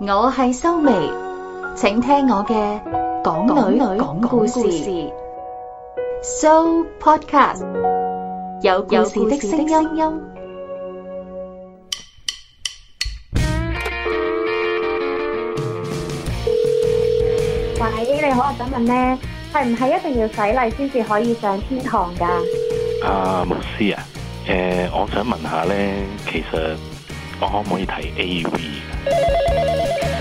我係修眉，請聽我嘅講女女講故事。So podcast 有故事的聲音。喂，你好，我想問咧，係唔係一定要洗禮先至可以上天堂噶？阿牧師啊。誒，我想問下咧，其實我可唔可以睇 AV？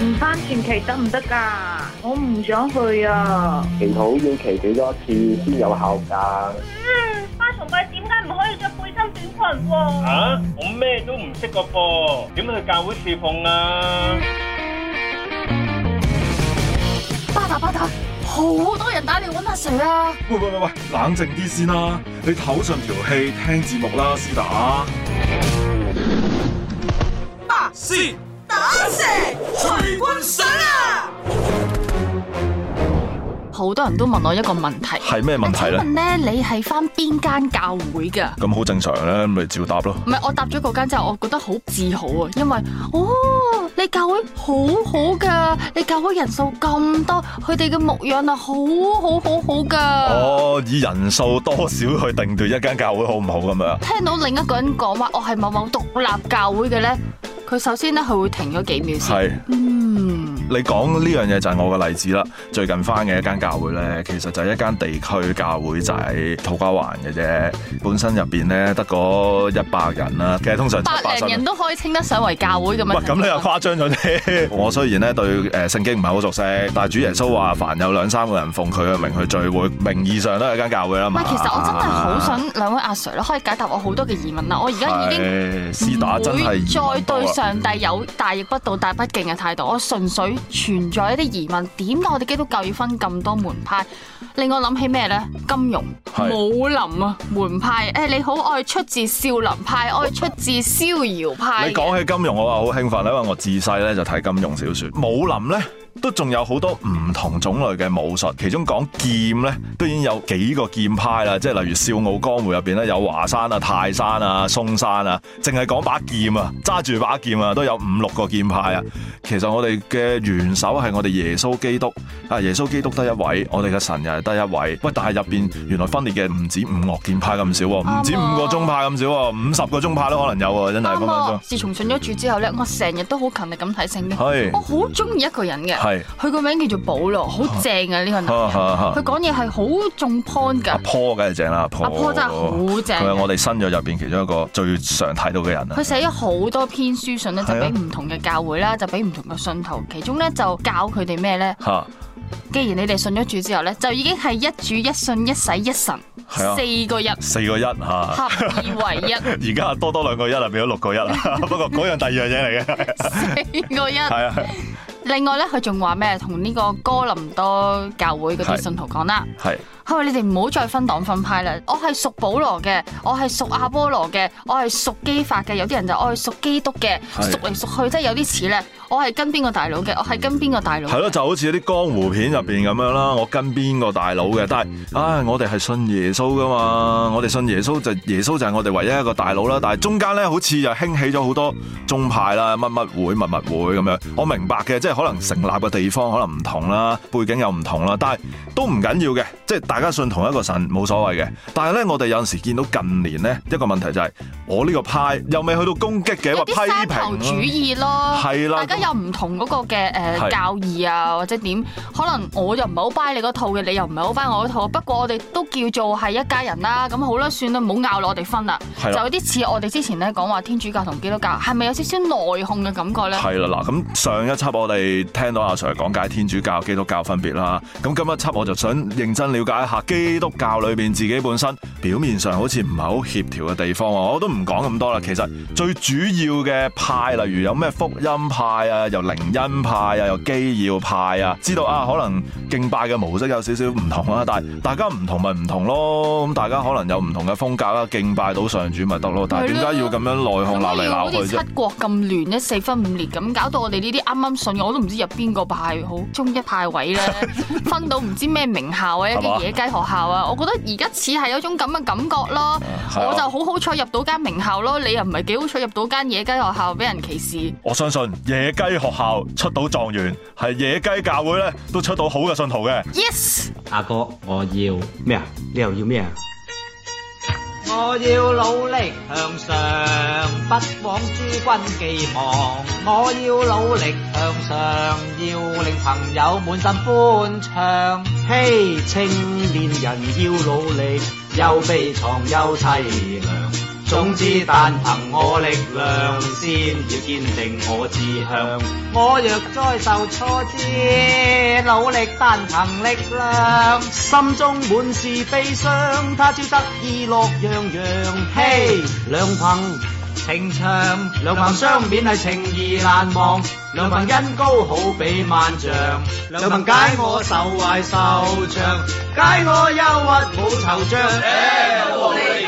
唔翻前期得唔得噶？我唔想去啊！祈禱要祈幾多次先有效噶？嗯，返崇拜點解唔可以着背心短裙喎？吓、啊，我咩都唔識個噃，點去教會侍奉啊？巴打巴打，好多人打嚟搵阿 Sir 啊！喂喂喂喂，冷靜啲先啦，你唞順條氣，聽節目啦師打巴打阿蛇，徐君想啊！好多人都問我一個問題，係咩問題咧？問呢你係翻邊間教會噶？咁好正常咧，咪照答咯。唔係我答咗嗰間之後，我覺得好自豪啊，因為哦，你教會好好噶，你教會人數咁多，佢哋嘅牧養啊，好好好好噶。哦，以人數多少去定奪一間教會好唔好咁啊？聽到另一個人講話，我係某某獨立教會嘅咧。佢首先咧，佢會停咗幾秒先。係是，嗯。你講呢樣嘢就係我個例子啦。最近翻嘅一間教會咧，其實就係一間地區教會，就喺土瓜灣嘅啫。本身入邊咧得嗰一百人啦，其實通常百零人都可以稱得上為教會咁、嗯、樣。咁你又誇張咗啲。 我雖然咧對誒聖、呃、經唔係好熟悉，但係主耶穌話：凡有兩三個人奉佢嘅名去聚會，名義上都係一間教會啦。其實我真係好想兩位阿、啊、sir、啊啊、可以解答我好多嘅疑問啦。我而家已經會再真的真的真的對上。啊上帝有大逆不道、大不敬嘅態度，我純粹存在一啲疑問，點解我哋基督教要分咁多門派？令我諗起咩呢？金融是武林啊，門派誒你好愛出自少林派，愛出自逍遙派。你講起金融，我話好興奮，因為我自細咧就睇金融小説。武林呢。都仲有好多唔同種類嘅武術，其中講劍咧，都已經有幾個劍派啦，即係例如《笑傲江湖》入邊咧有華山啊、泰山啊、嵩山啊，淨係講把劍啊，揸住把劍啊，都有五六個劍派啊。其實我哋嘅元首係我哋耶穌基督啊，耶穌基督得一位，我哋嘅神又係得一位。喂，但係入邊原來分裂嘅唔止五岳劍派咁少，唔止五個宗派咁少，五十個宗派都可能有啊，真係。阿媽對，自從信咗主之後咧，我成日都好勤力咁睇聖經，是我好中意一個人嘅。係，佢個名叫做保羅，好正嘅呢個名。佢講嘢係好中 point 嘅。阿坡梗係正啦，阿坡真係好正。佢係我哋新約入邊其中一個最常睇到嘅人啦。佢寫咗好多篇書信咧，就俾唔同嘅教會啦，就俾唔同嘅信徒。其中咧就教佢哋咩咧？吓，既然你哋信咗主之後咧，就已經係一主一信一洗一神，四個一，四個一吓，合二為一。而家多多兩個一啊，變咗六個一啊。不過嗰樣第二樣嘢嚟嘅，四個一係啊。另外咧，佢仲話咩？同呢個哥林多教會嗰啲信徒講啦。係咪你哋唔好再分黨分派啦？我係屬保羅嘅，我係屬阿波羅嘅，我係屬基法嘅。有啲人就我係屬基督嘅，屬嚟屬去即係有啲似咧。我係跟邊個大佬嘅？我係跟邊個大佬？係咯，就好似啲江湖片入邊咁樣啦。我跟邊個大佬嘅？但係，唉，我哋係信耶穌噶嘛。我哋信耶穌就耶穌就係我哋唯一一個大佬啦。但係中間咧，好似又興起咗好多宗派啦，乜乜會、密密會咁樣。我明白嘅，即係可能成立嘅地方可能唔同啦，背景又唔同啦，但係都唔緊要嘅，即係。大家信同一個神冇所謂嘅，但係咧，我哋有陣時見到近年咧一個問題就係，我呢個派又未去到攻擊嘅，一啲沙頭主義咯，係啦，大家有唔同嗰個嘅誒教義啊或者點，可能我又唔係好 buy 你嗰套嘅，你又唔係好 buy 我嗰套，不過我哋都叫做係一家人啦，咁好啦，算啦，唔好拗落我哋分啦，就有啲似我哋之前咧講話天主教同基督教係咪有少少內訌嘅感覺咧？係啦，嗱，咁上一輯我哋聽到阿 Sir 講解天主教基督教分別啦，咁今一輯我就想認真了解。下基督教裏邊自己本身表面上好似唔係好協調嘅地方，我都唔講咁多啦。其實最主要嘅派，例如有咩福音派啊，由靈恩派啊，由基要派啊，知道啊，可能敬拜嘅模式有少少唔同啦。但係大家唔同咪唔同咯，咁大家可能有唔同嘅風格啦，敬拜到上主咪得咯。但係點解要咁樣內訌鬧嚟鬧去啫？我哋七國咁亂，一四分五裂咁，搞到我哋呢啲啱啱信，我都唔知入邊個派好，中一派位咧，分到唔知咩名校嘅嘢。 野雞學校啊，我覺得而家似係有種咁嘅感覺咯，好我就好好彩入到間名校咯，你又唔係幾好彩入到間野雞學校俾人歧視。我相信野雞學校出到狀元，係野雞教會咧都出到好嘅信徒嘅。Yes，阿哥，我要咩啊？你又要咩啊？我要努力向上，不枉諸君寄望。我要努力向上，要令朋友滿心歡暢。嘿，hey, 青年人要努力，又悲愴又凄涼。總之，但憑我力量，先要堅定我志向。我若再受挫折，努力但憑力量。心中滿是悲傷，他朝得意樂洋洋。嘿、hey，良朋情長，良朋相勉係情意難忘，良朋恩高好比萬丈，良朋兩盟 解我愁懷愁腸，解我憂鬱冇惆悵。哎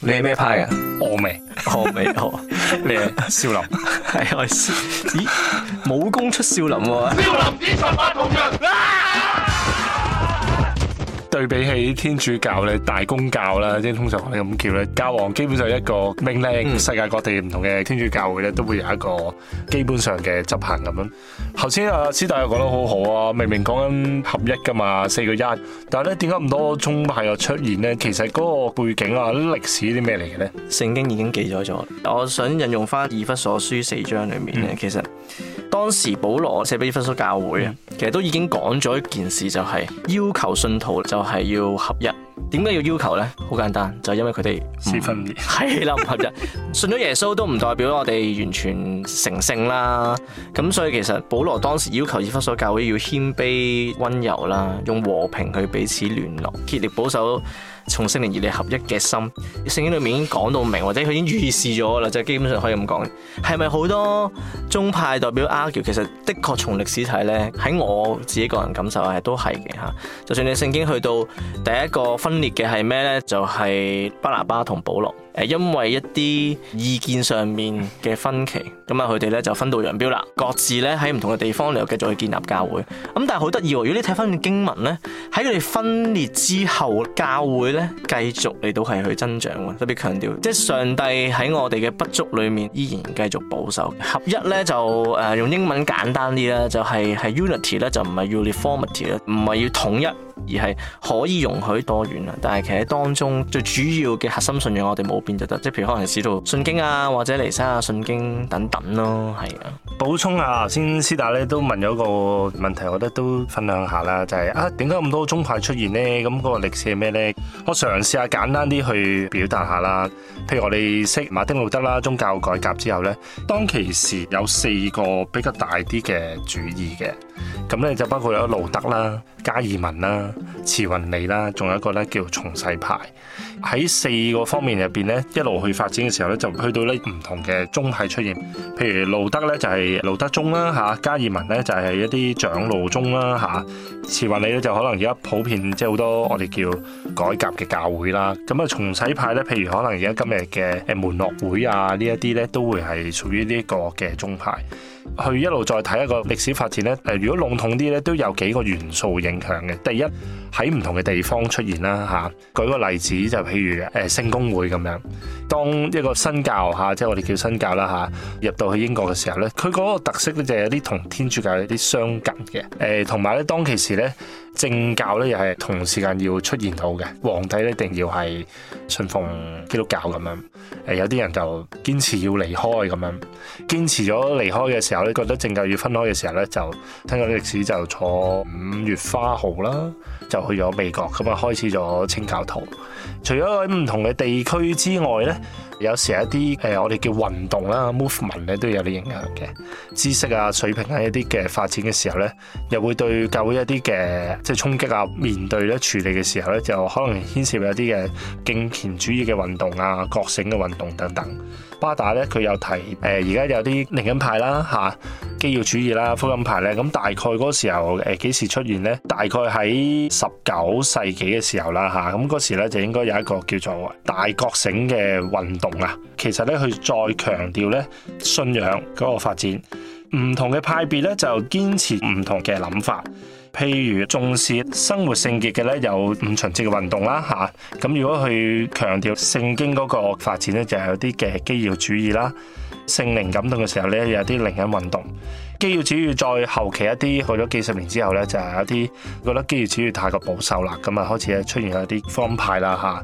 你係咩派嘅？峨眉，峨眉，我 你你少林係啊？咦，武功出少林喎、啊！少林寺十八銅人。對比起天主教咧、大公教啦，即係通常我哋咁叫咧，教皇基本上一個命令，世界各地唔同嘅天主教會咧都會有一個基本上嘅執行咁樣。頭先阿師大又講得好好啊，明明講緊合一噶嘛，四個一，但係咧點解咁多宗派又出現咧？其實嗰個背景啊、啲歷史啲咩嚟嘅咧？聖經已經記載咗，我想引用翻《以弗所書》四章裏面咧，嗯、其實。當時保羅寫俾以弗所教會其實都已經講咗一件事，就係要求信徒就係要合一。點解要要求呢？好簡單，就係、是、因為佢哋私分係啦，唔合一。 信咗耶穌都唔代表我哋完全成聖啦。咁所以其實保羅當時要求以弗所教會要謙卑、溫柔啦，用和平去彼此聯絡，竭力保守從聖靈而嚟合一嘅心。聖經裏面已經講到明，或者佢已經預示咗啦，就係、是、基本上可以咁講。係咪好多宗派代表 argue？其實的確從歷史睇呢，喺我自己個人感受係都係嘅吓。就算你聖經去到第一個。分裂嘅係咩呢？就係、是、巴拿巴同保羅，誒，因為一啲意見上面嘅分歧，咁啊，佢哋咧就分道揚鑣啦，各自咧喺唔同嘅地方，你又繼續去建立教會。咁但係好得意喎，如果你睇翻經文呢，喺佢哋分裂之後，教會呢繼續嚟到係去增長嘅。特別強調，即係上帝喺我哋嘅不足裏面依然繼續保守。合一呢就誒、呃，用英文簡單啲啦，就係、是、係 unity 咧，就唔係 uniformity 啦，唔係要統一。而係可以容許多元啦，但係其實當中最主要嘅核心信仰我哋冇變就得，即係譬如可能係使徒信經啊，或者尼西亞信經等等咯，係啊。補充啊，先師大咧都問咗個問題，我覺得都分享下啦，就係、是、啊點解咁多宗派出現呢？咁、那、嗰個歷史係咩呢？我嘗試下簡單啲去表達下啦。譬如我哋識馬丁路德啦，宗教改革之後呢，當其時有四個比較大啲嘅主義嘅。咁咧就包括有路德啦、加爾文啦、慈雲理啦，仲有一個咧叫重洗派。喺四個方面入邊咧，一路去發展嘅時候咧，就去到呢唔同嘅宗派出現。譬如路德咧就係、是、路德宗啦，嚇；加爾文咧就係、是、一啲長老宗啦，嚇、啊；慈雲理咧就可能而家普遍即係好多我哋叫改革嘅教會啦。咁啊，重洗派咧，譬如可能而家今日嘅誒門諾會啊，呢一啲咧都會係屬於呢個嘅宗派。去一路再睇一個歷史發展呢。誒，如果籠統啲呢，都有幾個元素影響嘅。第一，喺唔同嘅地方出現啦，嚇、啊。舉個例子就譬如誒聖公會咁樣，當一個新教嚇、啊，即係我哋叫新教啦嚇、啊，入到去英國嘅時候呢，佢嗰個特色呢，就有啲同天主教有啲相近嘅，誒、呃，同埋呢，當其時呢。政教咧又係同時間要出現到嘅，皇帝一定要係信奉基督教咁樣。誒，有啲人就堅持要離開咁樣，堅持咗離開嘅時候咧，覺得政教要分開嘅時候咧，就聽講啲歷史就坐五月花號啦，就去咗美國咁啊，開始咗清教徒。除咗喺唔同嘅地區之外咧，有時候一啲誒我哋叫運動啦，movement 咧都有啲影響嘅知識啊、水平啊一啲嘅發展嘅時候咧，又會對教會一啲嘅。即係衝擊啊！面對咧處理嘅時候咧，就可能牽涉有啲嘅敬虔主義嘅運動啊、覺醒嘅運動等等。巴打咧，佢有提誒，而、呃、家有啲靈恩派啦、啊、嚇基要主義啦、啊、福音派咧、啊。咁大概嗰時候誒幾、呃、時出現呢？大概喺十九世紀嘅時候啦、啊、嚇咁嗰時咧就應該有一個叫做大覺醒嘅運動啊。其實咧，佢再強調咧信仰嗰個發展，唔同嘅派別咧就堅持唔同嘅諗法。譬如重視生活聖潔嘅咧，有五旬節嘅運動啦吓，咁如果去強調聖經嗰個發展咧，就係有啲嘅基要主義啦。聖靈感動嘅時候咧，有啲靈恩運動。基要主義再後期一啲，去咗幾十年之後咧，就係有啲覺得基要主義太過保守啦，咁啊開始出現有啲方派啦吓。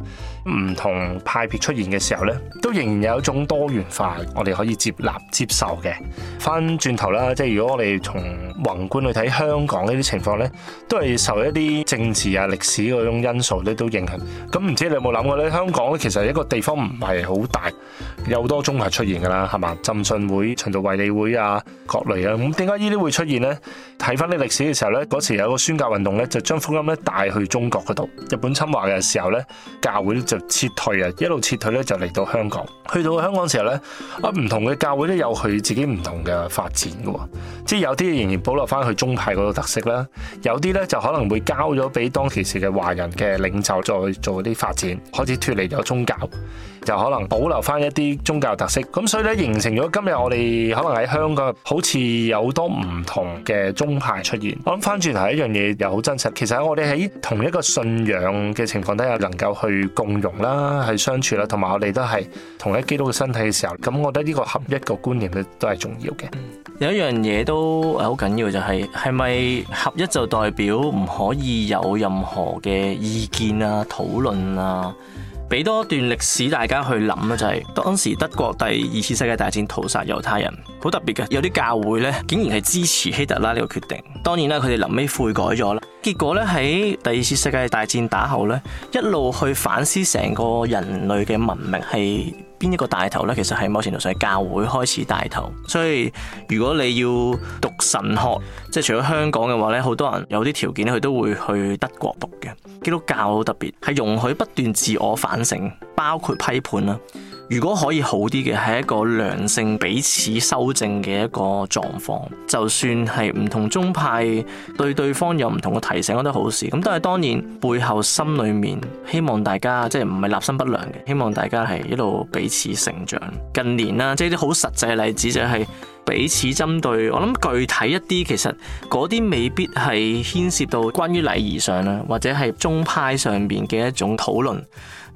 唔同派別出現嘅時候咧，都仍然有一種多元化，我哋可以接納接受嘅。翻轉頭啦，即係如果我哋從宏觀去睇香港呢啲情況。都係受一啲政治啊、歷史嗰種因素咧，都影響。咁唔知你有冇諗過咧？香港咧，其實一個地方唔係好大，有多宗派出現噶啦，係嘛？浸信會、循道衛理會啊、各類啊。咁點解呢啲會出現呢？睇翻啲歷史嘅時候咧，嗰時有個宣教運動咧，就將福音咧帶去中國嗰度。日本侵華嘅時候咧，教會就撤退啊，一路撤退咧就嚟到香港。去到香港嘅時候咧，啊唔同嘅教會都有佢自己唔同嘅發展噶喎，即係有啲仍然保留翻佢宗派嗰個特色啦。有啲咧就可能會交咗俾當其時嘅華人嘅領袖，再做啲發展，開始脫離咗宗教，就可能保留翻一啲宗教特色。咁所以咧，形成咗今日我哋可能喺香港好似有好多唔同嘅宗派出現。我諗翻轉頭，一樣嘢又好真實，其實喺我哋喺同一個信仰嘅情況底下，能夠去共融啦，去相處啦，同埋我哋都係同一基督嘅身體嘅時候，咁我覺得呢個合一個觀念都都係重要嘅。有一樣嘢都好緊要，就係係咪合一？就代表唔可以有任何嘅意見啊、討論啊，俾多段歷史大家去諗啊，就係當時德國第二次世界大戰屠殺猶太人，好特別嘅。有啲教會咧，竟然係支持希特拉呢個決定。當然啦，佢哋臨尾悔改咗啦。結果咧，喺第二次世界大戰打後咧，一路去反思成個人類嘅文明係。邊一個帶頭呢？其實係某程度上係教會開始帶頭，所以如果你要讀神學，即係除咗香港嘅話呢，好多人有啲條件佢都會去德國讀嘅。基督教特別係容許不斷自我反省，包括批判啦。如果可以好啲嘅係一個良性彼此修正嘅一個狀況，就算係唔同宗派對對方有唔同嘅提醒，我都好事。咁都係當然背後心裏面希望大家即係唔係立心不良嘅，希望大家係一路彼此成長。近年啦，即係啲好實際嘅例子就係、是、彼此針對，我諗具體一啲，其實嗰啲未必係牽涉到關於禮儀上啦，或者係宗派上邊嘅一種討論。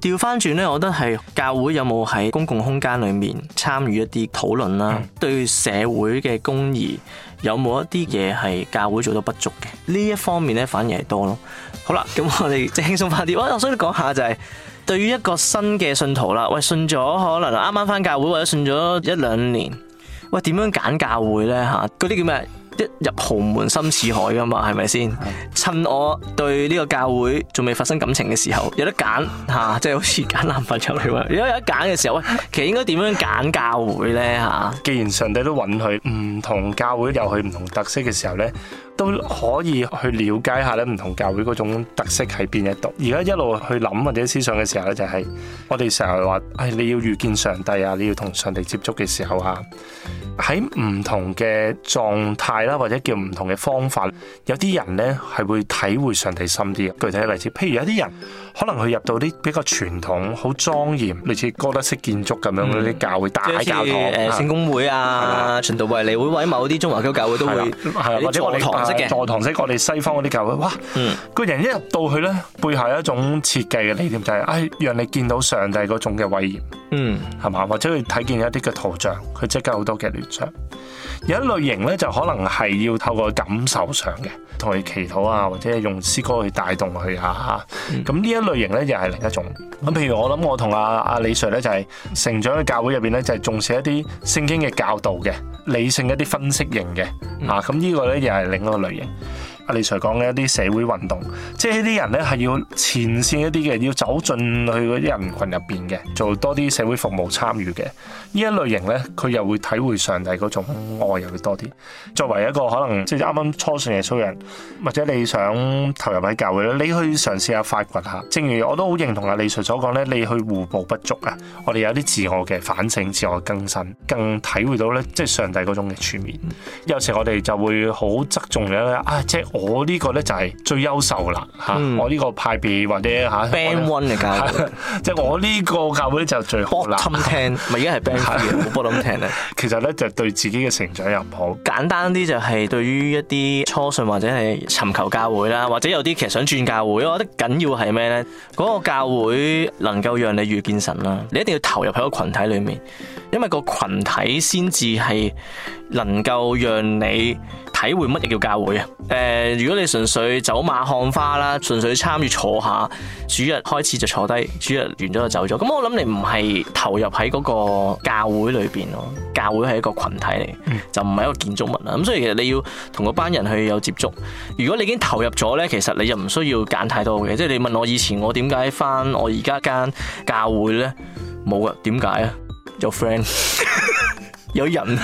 調翻轉咧，我覺得係教會有冇喺公共空間裏面參與一啲討論啦，嗯、對社會嘅公義有冇一啲嘢係教會做到不足嘅？呢一方面咧，反而係多咯。好啦，咁我哋即係輕鬆快啲。我我想講下就係、是、對於一個新嘅信徒啦，喂，信咗可能啱啱翻教會或者信咗一兩年，喂，點樣揀教會咧？吓、啊，嗰啲叫咩？一入豪門深似海噶嘛，係咪先？嗯、趁我對呢個教會仲未發生感情嘅時候，有得揀吓、 啊，即係好似揀男朋友咁。如果有得揀嘅時候，喂，其實應該點樣揀教會咧吓？既然上帝都允許唔同教會又去唔同特色嘅時候咧，都可以去了解下咧，唔同教會嗰種特色喺邊一度。而家一路去諗或者思想嘅時候咧，就係、是、我哋成日話，哎，你要遇見上帝啊，你要同上帝接觸嘅時候啊，喺唔同嘅狀態。或者叫唔同嘅方法，有啲人咧係會體會上帝深啲嘅。具體嘅例子，譬如有啲人。可能佢入到啲比較傳統、好莊嚴、類似哥德式建築咁樣嗰啲教會、大教堂，誒聖公會啊、循道衛理會、某啲中華基督教會都會，係啊，或者我哋啊，座堂式、國立西方嗰啲教會，哇，嗯，個人一入到去咧，背後有一種設計嘅理念，就係，哎，讓你見到上帝嗰種嘅威嚴，嗯，係嘛，或者佢睇見一啲嘅圖像，佢即刻好多嘅聯想。有一類型咧，就可能係要透過感受上嘅，同佢祈禱啊，或者用詩歌去帶動佢啊，咁呢一類型咧又係另一種咁，譬如我諗我同阿阿李 Sir 咧就係成長嘅教會入邊咧就係重視一啲聖經嘅教導嘅理性一啲分析型嘅、嗯、啊，咁、這、呢個咧又係另一個類型。阿李 Sir 講嘅一啲社會運動，即係呢啲人咧係要前線一啲嘅，要走進去嗰啲人群入邊嘅，做多啲社會服務參與嘅，呢一類型咧，佢又會體會上帝嗰種愛，又會多啲。作為一個可能即係啱啱初信耶穌人，或者你想投入喺教會咧，你去嘗試下發掘下。正如我都好認同阿李 Sir 所講咧，你去互補不足啊，我哋有啲自我嘅反省、自我更新，更體會到咧即係上帝嗰種嘅全面。有時我哋就會好側重有一啲啊，即我呢個咧就係最優秀啦嚇！嗯、我呢個派別或者嚇 band one 嘅教會，即係 我呢個教會就最好啦。冇 bottom 聽，唔係而家係 band 二冇 bottom 聽咧。 其實咧就對自己嘅成長又唔好。簡單啲就係對於一啲初信或者係尋求教會啦，或者有啲其實想轉教會，我覺得緊要係咩咧？嗰、嗰個教會能夠讓你遇見神啦，你一定要投入喺個群體裡面，因為個群體先至係能夠讓你。體會乜嘢叫教會啊？誒、呃，如果你純粹走馬看花啦，純粹參與坐下，主日開始就坐低，主日完咗就走咗，咁我諗你唔係投入喺嗰個教會裏邊咯。教會係一個群體嚟，嗯、就唔係一個建築物啦。咁所以其實你要同嗰班人去有接觸。如果你已經投入咗呢，其實你就唔需要揀太多嘅。即係你問我以前我點解返我而家間教會呢？冇嘅，點解啊？有 friend。 有人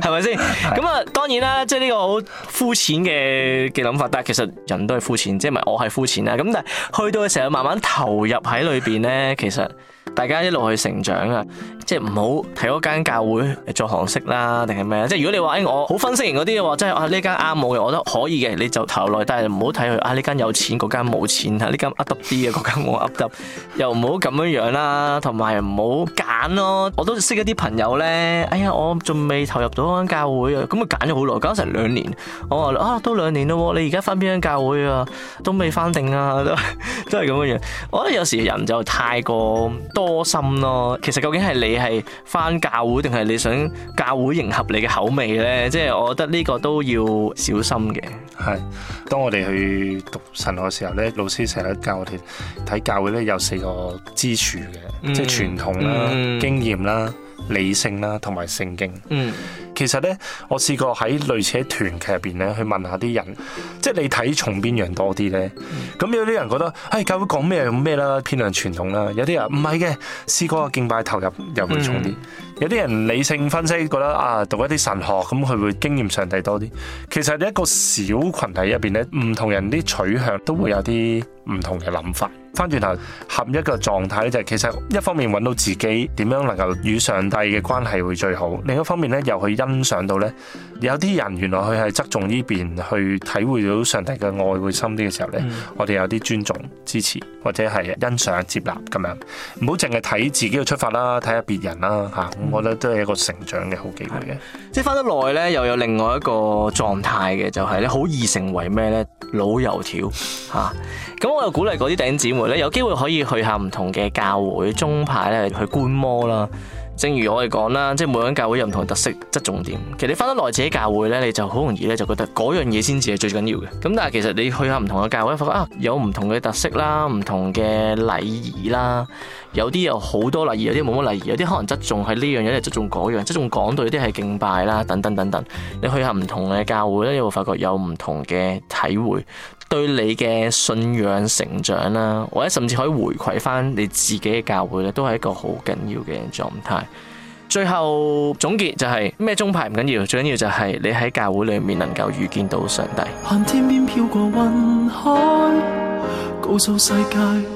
係咪先？咁 啊吧， 當然啦，即係呢個好膚淺嘅嘅諗法。但係其實人都係膚淺，即係唔係我係膚淺啦。咁但係去到嘅時候，慢慢投入喺裏邊咧，其實～大家一路去成長啊，即係唔好睇嗰間教會作行式啦，定係咩？即係如果你話誒，我好分析型嗰啲嘅話，即係啊呢間啱我嘅，我覺得可以嘅，你就投落。但係唔好睇佢啊呢間有錢，嗰間冇錢啊呢間噏得啲嘅，嗰間我噏得，又唔好咁樣樣啦。同埋唔好揀咯。我都識一啲朋友咧，哎呀，我仲未投入到嗰間教會啊，咁啊揀咗好耐，搞成兩年。我話啊都兩年咯，你而家翻邊間教會啊？都未翻定啊，都都係咁樣樣。我覺得有時人就太過。多心咯，其實究竟係你係返教會，定係你想教會迎合你嘅口味呢？即係我覺得呢個都要小心嘅。係，當我哋去讀神學嘅時候呢，老師成日教我哋睇教會呢有四個支柱嘅，嗯、即係傳統啦、嗯、經驗啦。嗯理性啦，同埋聖經。嗯，其實呢，我試過喺類似喺團劇入邊咧，去問下啲人，即係你睇重邊樣多啲呢？咁有啲人覺得，唉、哎，教會講咩就咩啦，偏向傳統啦。有啲人唔係嘅，詩歌敬拜投入又會重啲。嗯、有啲人理性分析覺得啊，讀一啲神學咁，佢會經驗上帝多啲。其實你一個小群體入邊呢，唔同人啲取向都會有啲唔同嘅諗法。翻轉頭合一個狀態咧，就係、是、其實一方面揾到自己點樣能夠與上帝嘅關係會最好，另一方面咧又去欣賞到咧，有啲人原來佢係側重呢邊去體會到上帝嘅愛會深啲嘅時候咧，嗯、我哋有啲尊重支持或者係欣賞接納咁樣，唔好淨係睇自己嘅出發啦，睇下別人啦嚇、啊，我覺得都係一個成長嘅好機會嘅。嗯、即係翻得耐咧，又有另外一個狀態嘅，就係、是、你好易成為咩呢？老油條嚇。咁、啊、我又鼓勵嗰啲頂子們，你有機會可以去下唔同嘅教會，中派咧去觀摩啦。正如我哋講啦，即係每間教會有唔同特色、側重點。其實你翻得耐自己教會咧，你就好容易咧就覺得嗰樣嘢先至係最緊要嘅。咁但係其實你去下唔同嘅教會，發覺啊，有唔同嘅特色啦，唔同嘅禮儀啦。有啲有好多禮儀，有啲冇乜禮儀，有啲可能側重喺呢樣嘢，側重嗰樣，這個，側重講到有啲係敬拜啦，等等等等。你去下唔同嘅教會咧，你會發覺有唔同嘅體會，對你嘅信仰成長啦，或者甚至可以回饋翻你自己嘅教會咧，都係一個好緊要嘅狀態。最後總結就係咩宗派唔緊要，最緊要就係你喺教會裏面能夠遇見到上帝。看天邊飄過雲海，告訴世界。